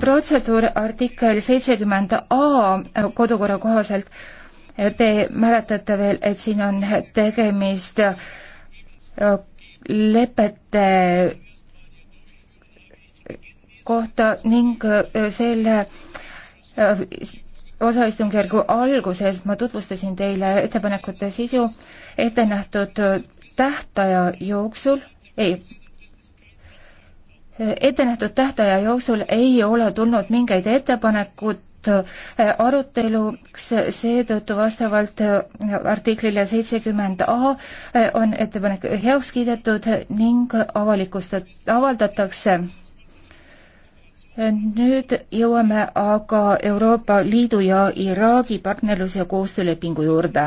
protseduur artikkel seitsekümmend A kodukorra kohaselt, te mäletate veel, et siin on tegemist äh, lepete äh, kohta ning äh, selle osaistungjärgu alguses ma tutvustasin teile ettepanekute sisu ette nähtud tähtaja jooksul, ei, ettenähtud tähtaja jooksul ei ole tulnud mingeid ettepanekut äh, aruteluks, seetõttu vastavalt äh, artiklile seitsekümmend A äh, on ettepanek heaks kiidetud ning avalikustat-, avaldatakse. nüüd jõuame aga Euroopa Liidu ja Iraagi partnerlus- ja koostöölepingu juurde